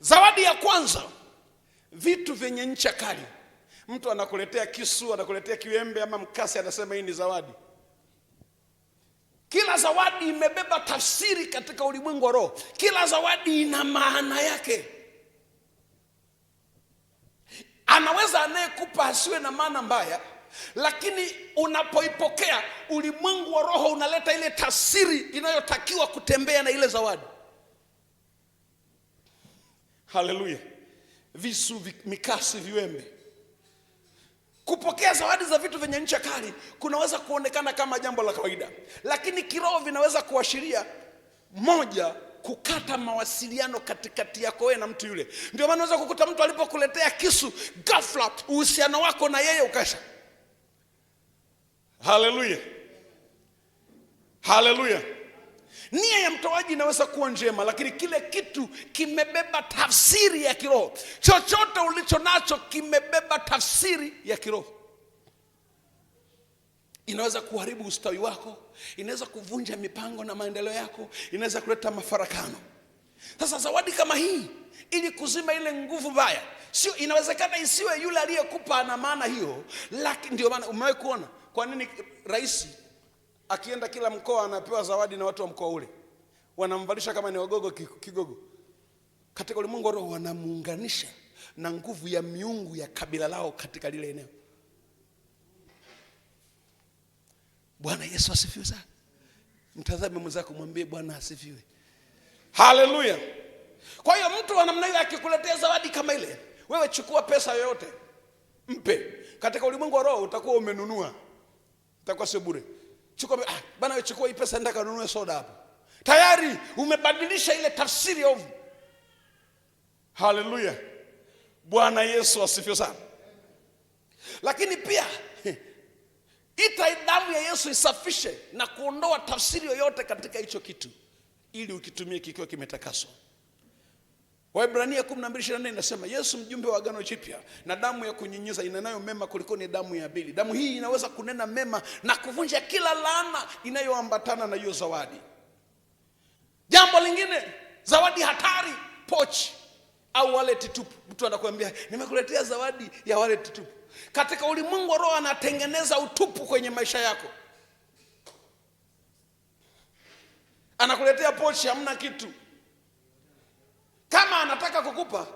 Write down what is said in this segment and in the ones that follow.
Zawadi ya kwanza, vitu vyenye ncha kali. Mtu anakuletea kisu, anakuletea kiwembe ama mkasi, anasema hii ni zawadi. Kila zawadi imebeba tafsiri katika ulimwengu wa roho. Kila zawadi ina maana yake. Anaweza anayekupa asiwe na maana mbaya, lakini unapoipokea ulimwengu wa roho unaleta ile tafsiri inayotakiwa kutembea na ile zawadi. Haleluya! Visu, mikasi, viwembe. Kupokea zawadi za vitu vyenye ncha kali kunaweza kuonekana kama jambo la kawaida, lakini kiroho vinaweza kuashiria moja kukata mawasiliano katikati yako wewe na mtu yule. Ndio maana unaweza kukuta mtu alipokuletea kisu, ghafla uhusiano wako na yeye ukasha. Haleluya, haleluya. Nia ya mtoaji inaweza kuwa njema, lakini kile kitu kimebeba tafsiri ya kiroho. Chochote ulicho nacho kimebeba tafsiri ya kiroho. Inaweza kuharibu ustawi wako, inaweza kuvunja mipango na maendeleo yako, inaweza kuleta mafarakano. Sasa zawadi kama hii ili kuzima ile nguvu mbaya, sio inawezekana isiwe yule aliyekupa na maana hiyo, lakini ndio maana umewahi kuona kwa nini rais akienda kila mkoa anapewa zawadi na watu wa mkoa ule, wanamvalisha kama ni wagogo kigogo. Katika ulimwengu wa roho wanamuunganisha na nguvu ya miungu ya kabila lao katika lile eneo. Bwana Yesu asifiwe sana. Mtazame mwenzako, mwambie Bwana asifiwe. Haleluya! Kwa hiyo mtu wa namna hiyo akikuletea zawadi kama ile, wewe chukua pesa yoyote mpe. Katika ulimwengu wa roho utakuwa umenunua, utakuwa sio bure chukua ah, bana wewe chukua hii pesa nenda kanunue soda hapo. Tayari umebadilisha ile tafsiri ovu. Haleluya. Bwana Yesu asifiwe sana. Lakini pia ita damu ya Yesu isafishe na kuondoa tafsiri yoyote katika hicho kitu ili ukitumie kikiwa kimetakaswa. Waebrania 12:24 inasema Yesu mjumbe wa agano jipya na damu ya kunyinyiza inenayo mema kuliko ni damu ya Abeli. Damu hii inaweza kunena mema na kuvunja kila laana inayoambatana na hiyo zawadi. Jambo lingine, zawadi hatari, pochi au wallet tupu. Mtu anakuambia nimekuletea zawadi ya wallet tupu. Katika ulimwengu roho anatengeneza utupu kwenye maisha yako, anakuletea pochi, hamna kitu kama anataka kukupa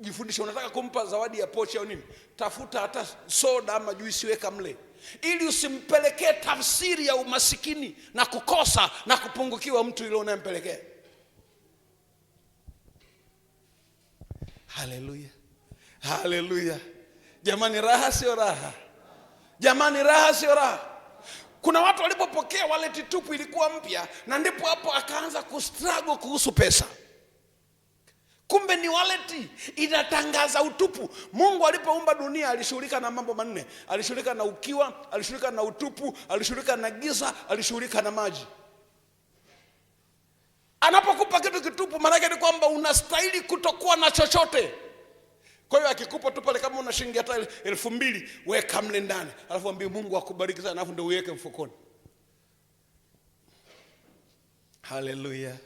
jifundishe, unataka kumpa zawadi ya pochi au nini, tafuta hata soda ama juisi, weka mle, ili usimpelekee tafsiri ya umasikini na kukosa na kupungukiwa mtu yule unayempelekea. Haleluya, haleluya! Jamani, raha sio raha? Jamani, raha sio raha? Kuna watu walipopokea waleti tupu ilikuwa mpya, na ndipo hapo akaanza kustruggle kuhusu pesa. Kumbe ni waleti inatangaza utupu. Mungu alipoumba dunia alishughulika na mambo manne: alishughulika na ukiwa, alishughulika na utupu, alishughulika na giza, alishughulika na maji. Anapokupa kitu kitupu, maana ni kwamba unastahili kutokuwa na chochote. Kwa hiyo akikupa tu pale, kama una shilingi hata elfu mbili weka mle ndani, alafu ambie Mungu akubariki sana, alafu ndio uweke mfukoni. Haleluya,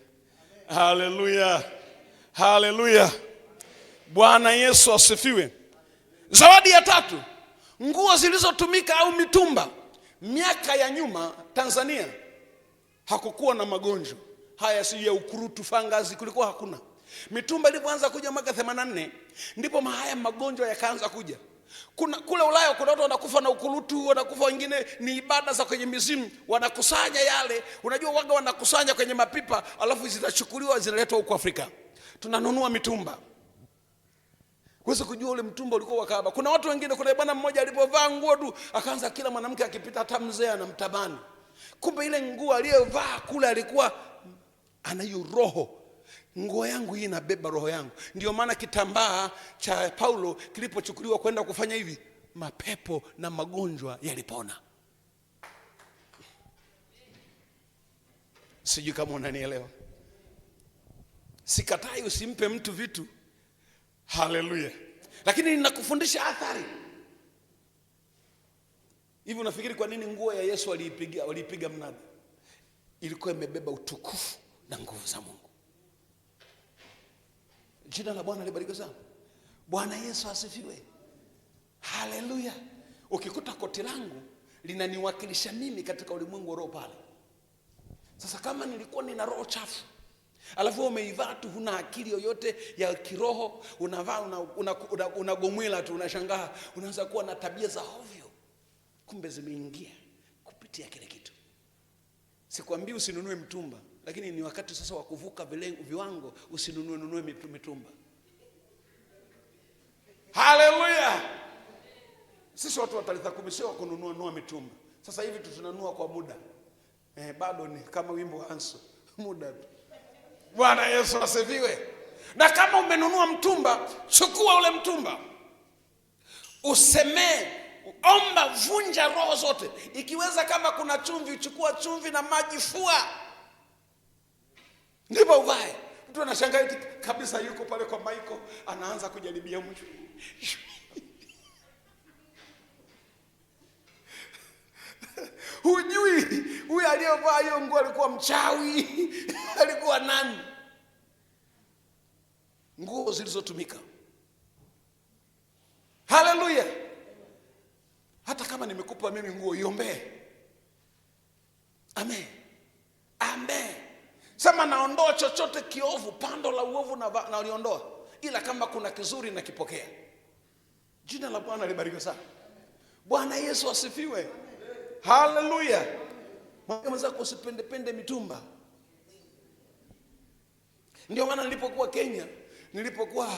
haleluya. Haleluya, Bwana Yesu asifiwe. Zawadi ya tatu, nguo zilizotumika au mitumba. Miaka ya nyuma Tanzania hakukuwa na magonjwa haya, si ya ukurutu, fangazi, kulikuwa hakuna. Mitumba ilipoanza kuja mwaka 84 ndipo haya magonjwa yakaanza kuja. Kuna, kule Ulaya kuna watu wanakufa na ukurutu, wanakufa wengine ni ibada za kwenye mizimu, wanakusanya yale, unajua waga wanakusanya kwenye mapipa, alafu zitachukuliwa zinaletwa huko Afrika tunanunua mitumba. Huwezi kujua ule mtumba ulikuwa kaaba. Kuna watu wengine, kuna bwana mmoja alipovaa nguo tu akaanza, kila mwanamke akipita, hata mzee anamtabani. Kumbe ile nguo aliyovaa kule alikuwa anayo roho nguo yangu hii inabeba roho yangu. Ndio maana kitambaa cha Paulo kilipochukuliwa kwenda kufanya hivi, mapepo na magonjwa yalipona. Sijui kama unanielewa. Sikatai usimpe mtu vitu, haleluya, lakini ninakufundisha athari. Hivi unafikiri kwa nini nguo ya Yesu waliipiga waliipiga mnada? Ilikuwa imebeba utukufu na nguvu za Mungu. Jina la Bwana libarikiwe sana. Bwana Yesu asifiwe, haleluya. Ukikuta koti langu linaniwakilisha mimi katika ulimwengu wa roho pale. Sasa kama nilikuwa nina roho chafu Alafu umeivaa tu, huna akili yoyote ya kiroho, unavaa unagomwela, una, una, una tu, unashangaa, unaanza kuwa na tabia za ovyo, kumbe zimeingia kupitia kile kitu. Sikwambii usinunue mtumba, lakini ni wakati sasa wa kuvuka viwango, usinunue nunue mitumba. Haleluya! Sisi watu wa kumi sio kununua nua mitumba. Sasa hivi tunanunua kwa muda eh, bado ni kama wimbo Hanso, muda tu Bwana Yesu asifiwe. Na kama umenunua mtumba, chukua ule mtumba, usemee, omba, vunja roho zote. Ikiweza kama kuna chumvi, chukua chumvi na maji, fua, ndipo uvae. Mtu anashangaa kabisa, yuko pale kwa Maiko, anaanza kujaribia mtu aliyevaa hiyo nguo alikuwa mchawi alikuwa nani? Nguo zilizotumika. Haleluya! Hata kama nimekupa mimi nguo, iombee. Amen, amen. Sema naondoa chochote kiovu, pando la uovu naliondoa, na ila kama kuna kizuri nakipokea. Jina la Bwana libarikiwe sana. Bwana Yesu asifiwe. Haleluya. Mwambie mwenzako usipendepende mitumba. Ndio maana nilipokuwa Kenya, nilipokuwa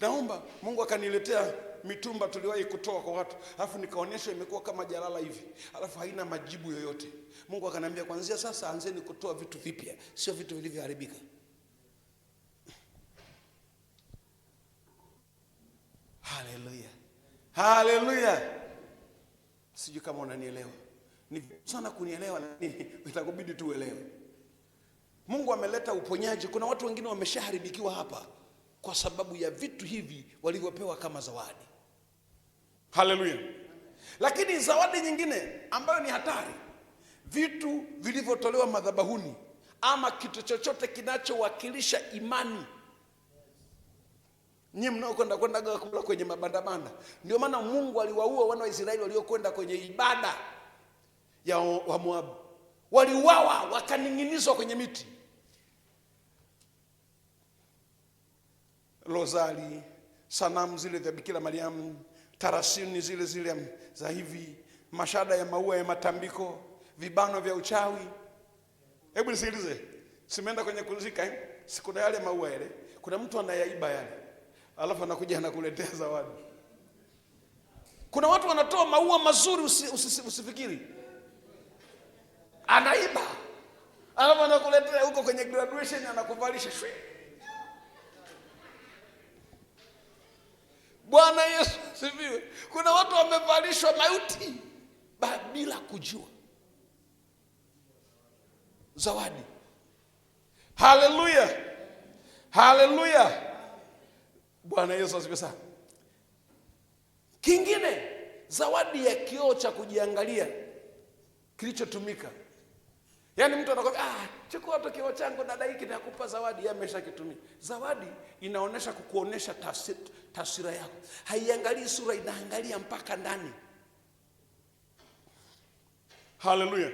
naomba Mungu akaniletea mitumba tuliwahi kutoa kwa watu, alafu nikaonyeshwa imekuwa kama jalala hivi, alafu haina majibu yoyote. Mungu akaniambia kuanzia sasa anzeni kutoa vitu vipya, sio vitu vilivyoharibika. Haleluya, haleluya! Sijui kama unanielewa. Ni sana kunielewa, lakini itakubidi tuelewe. Mungu ameleta uponyaji. Kuna watu wengine wameshaharibikiwa hapa kwa sababu ya vitu hivi walivyopewa kama zawadi. Haleluya! Lakini zawadi nyingine ambayo ni hatari, vitu vilivyotolewa madhabahuni ama kitu chochote kinachowakilisha imani. Nyinyi mnaokwenda kwenda kula kwenye mabandabanda, ndio maana Mungu aliwaua wana wa Israeli waliokwenda kwenye ibada ya Wamoabu. Waliuawa wakaning'inizwa kwenye miti. Lozari, sanamu zile za Bikira Mariamu, tarasini zile zile za hivi, mashada ya maua ya matambiko, vibano vya uchawi. Hebu nisikilize, simeenda kwenye kuzika eh? Sikuna yale maua yale, kuna mtu anayaiba yale, alafu anakuja anakuletea zawadi. Kuna watu wanatoa maua mazuri, usifikiri usi, usi anaiba, alafu anakuletea huko kwenye graduation, anakuvalisha shwe. Bwana Yesu sifiwe. Kuna watu wamevalishwa mauti bila kujua zawadi. Haleluya, haleluya. Bwana Yesu asifiwe sana. Kingine, zawadi ya kioo cha kujiangalia kilichotumika. Yaani mtu anakwambia ah, chukua tokeo changu dada, hiki nakupa zawadi, yeye ameshakitumia. Zawadi inaonesha kukuonesha taswira yako, haiangalii sura, inaangalia mpaka ndani. Haleluya!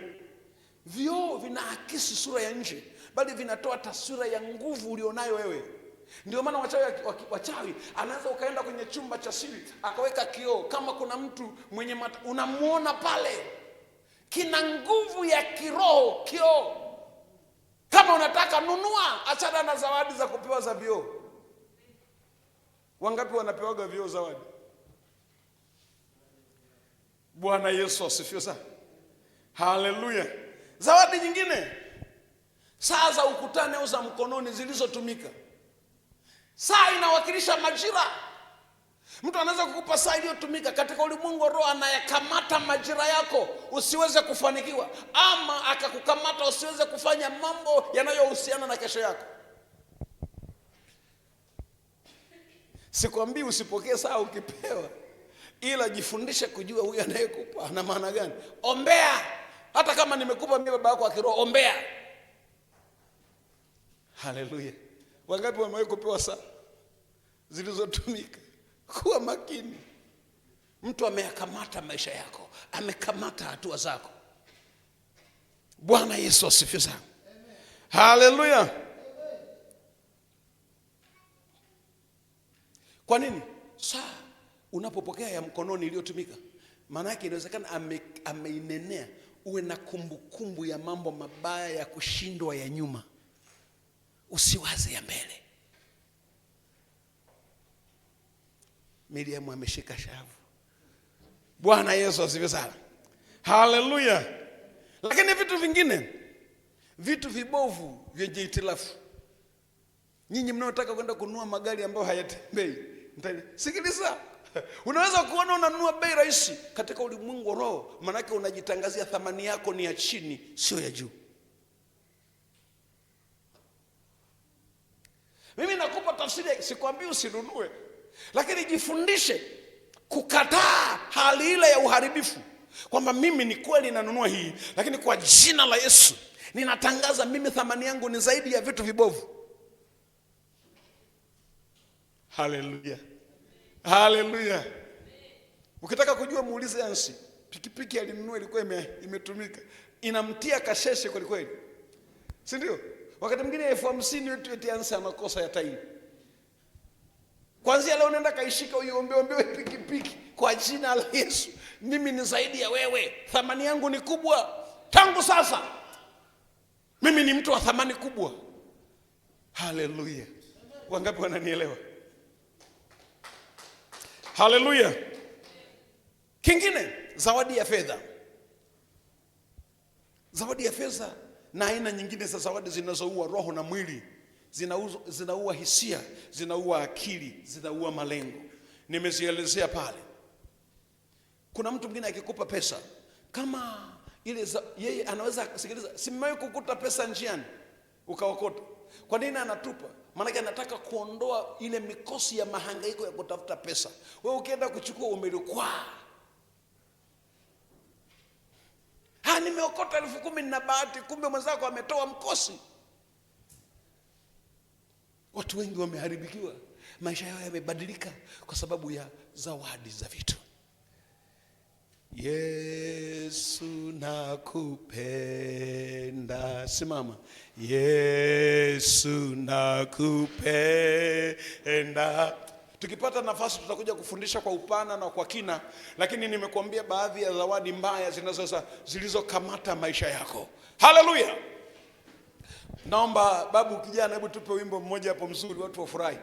Vioo vinaakisi sura ya nje, bali vinatoa taswira ya nguvu ulionayo wewe. Ndio maana wachawi, wachawi anaweza ukaenda kwenye chumba cha siri akaweka kioo, kama kuna mtu mwenye unamuona pale kina nguvu ya kiroho kioo. Kama unataka nunua, achana na zawadi za kupewa za vioo. Wangapi wanapewaga vioo zawadi? Bwana Yesu asifiwe sana, haleluya. Zawadi nyingine, saa za ukutani au za mkononi zilizotumika. Saa inawakilisha majira Mtu anaweza kukupa saa iliyotumika katika ulimwengu roho, anayekamata majira yako usiweze kufanikiwa, ama akakukamata usiweze kufanya mambo yanayohusiana na kesho yako. Sikwambii usipokee saa ukipewa, ila jifundishe kujua huyu anayekupa ana maana gani. Ombea, hata kama nimekupa mimi baba yako akiroho, ombea. Haleluya! Wangapi wamewahi kupewa saa zilizotumika? Kuwa makini. Mtu ameyakamata maisha yako, amekamata hatua zako. Bwana Yesu asifiwe sana, haleluya. Kwa nini? Saa unapopokea ya mkononi iliyotumika, maana yake inawezekana ameinenea, uwe na kumbukumbu ya mambo mabaya ya kushindwa ya nyuma, usiwaze ya mbele. Miriam ameshika shavu. Bwana Yesu asifiwe sana, haleluya. Lakini vitu vingine, vitu vibovu vyenye itilafu, nyinyi mnaotaka kwenda kununua magari ambayo hayatembei, sikiliza. Unaweza kuona unanunua bei rahisi katika ulimwengu wa roho, maanake unajitangazia thamani yako ni ya chini, sio ya juu. Mimi nakupa tafsiri, sikwambii usinunue lakini jifundishe kukataa hali ile ya uharibifu, kwamba mimi ni kweli nanunua hii, lakini kwa jina la Yesu ninatangaza mimi thamani yangu ni zaidi ya vitu vibovu. Haleluya, haleluya! Ukitaka kujua muulize ansi pikipiki alinunua ilikuwa ime, imetumika inamtia kasheshe kwelikweli, sindio Wakati mwingine elfu hamsini Yansi anakosa ya tairi Kwanzia leo nenda kaishika uiombeombewe pikipiki kwa jina la Yesu. Mimi ni zaidi ya wewe, thamani yangu ni kubwa. Tangu sasa mimi ni mtu wa thamani kubwa. Haleluya! Wangapi wananielewa? Haleluya! Kingine, zawadi ya fedha. Zawadi ya fedha na aina nyingine za zawadi zinazoua roho na mwili zinaua, zinaua hisia, zinaua akili, zinaua malengo. Nimezielezea pale. Kuna mtu mwingine akikupa pesa kama ile za, yeye anaweza kusikiliza, simewahi kukuta pesa njiani ukaokota. Kwa nini anatupa? Maanake anataka kuondoa ile mikosi ya mahangaiko ya kutafuta pesa. Wewe ukienda kuchukua umelikwaa nimeokota elfu kumi na bahati, kumbe mwenzako ametoa mkosi. Watu wengi wameharibikiwa, maisha yao yamebadilika kwa sababu ya zawadi za vitu. Yesu nakupenda, simama. Yesu nakupenda. Tukipata nafasi tutakuja kufundisha kwa upana na kwa kina, lakini nimekuambia baadhi ya zawadi mbaya zinazoza zilizokamata maisha yako. Haleluya! Naomba babu kijana, hebu tupe wimbo mmoja hapo mzuri, watu wafurahi.